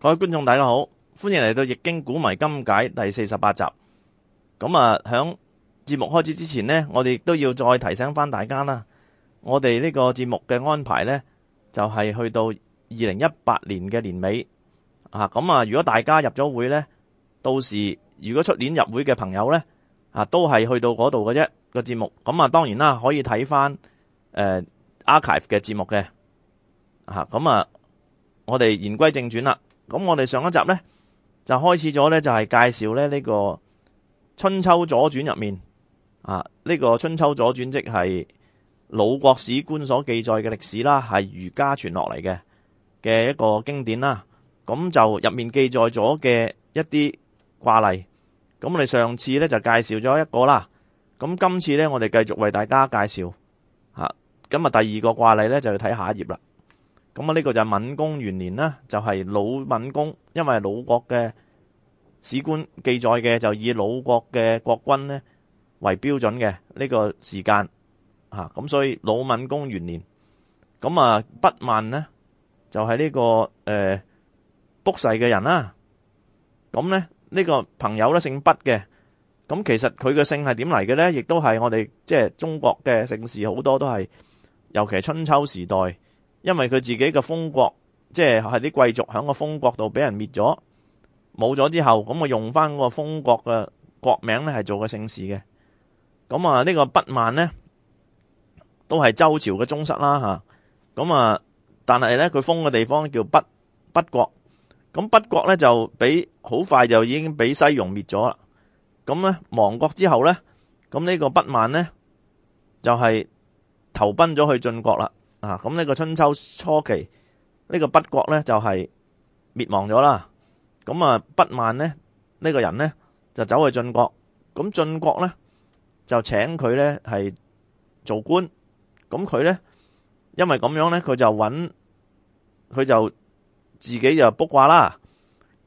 各位觀眾，大家好，歡迎嚟到《易經古謎今解》第四十八集。咁、嗯、啊，響節目開始之前呢，我哋都要再提醒翻大家啦。我哋呢個節目嘅安排呢，就係去到二零一八年嘅年尾啊。咁、嗯、啊、嗯，如果大家入咗會呢，到時如果出年入會嘅朋友呢，啊、嗯，都係去到嗰度嘅啫個節目。咁、嗯、啊，當然啦，可以睇翻誒 archive 嘅節目嘅啊。咁、嗯、啊、嗯嗯，我哋言歸正傳啦。咁我哋上一集呢，就開始咗呢，就係、是、介紹呢呢個《春秋左傳》入面啊，呢、這個《春秋左傳》即係魯國史官所記載嘅歷史啦，係儒家傳落嚟嘅嘅一個經典啦。咁、啊、就入面記載咗嘅一啲卦例。咁我哋上次呢，就介紹咗一個啦。咁、啊、今次呢，我哋繼續為大家介紹啊。今日第二個卦例呢，就要睇下一頁啦。咁啊，呢個就係閔公元年啦，就係魯閔公，因為魯國嘅史官記載嘅就以魯國嘅國君咧為標準嘅呢個時間，吓咁所以魯閔公元年，咁啊畢萬咧就係呢個誒卜世嘅人啦，咁咧呢個朋友咧姓畢嘅，咁其實佢嘅姓係點嚟嘅咧，亦都係我哋即係中國嘅姓氏好多都係，尤其係春秋時代。因為佢自己嘅封國，即係喺啲貴族喺個封國度俾人滅咗，冇咗之後，咁我用翻個封國嘅國名咧，係做個姓氏嘅。咁啊，呢個畢萬呢，都係周朝嘅宗室啦吓。咁啊，但係咧佢封嘅地方叫畢畢國，咁畢國咧就俾好快就已經俾西戎滅咗啦。咁咧亡國之後咧，咁、這、呢個畢萬咧就係、是、投奔咗去晉國啦。啊，咁呢個春秋初期呢個畢國咧就係滅亡咗啦。咁啊，畢萬咧呢個人咧就走去晉國，咁晉國咧就請佢咧係做官。咁佢咧因為咁樣咧，佢就揾佢就自己就卜卦啦。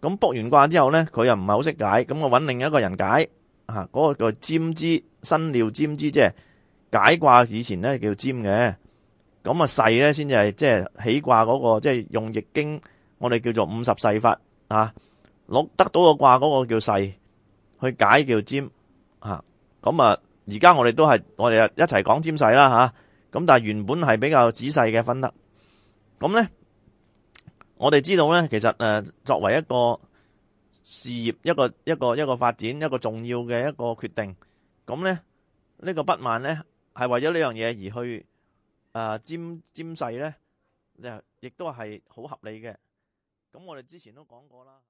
咁卜完卦之後咧，佢又唔係好識解，咁我揾另一個人解。啊，嗰個叫占之，辛廖占之，即係解卦以前咧叫占嘅。咁啊細咧先至係即係起卦嗰、那個，即係用易經，我哋叫做五十世法啊，攞得到個卦嗰個叫細，去解叫占啊。咁啊，而家我哋都係我哋一齊講占細啦吓。咁、啊、但係原本係比較仔細嘅分得。咁咧，我哋知道咧，其實誒、啊，作為一個事業，一個一個一個發展，一個重要嘅一個決定。咁咧，呢、這個不滿咧，係為咗呢樣嘢而去。啊，占占筮咧，亦亦都係好合理嘅。咁我哋之前都講過啦。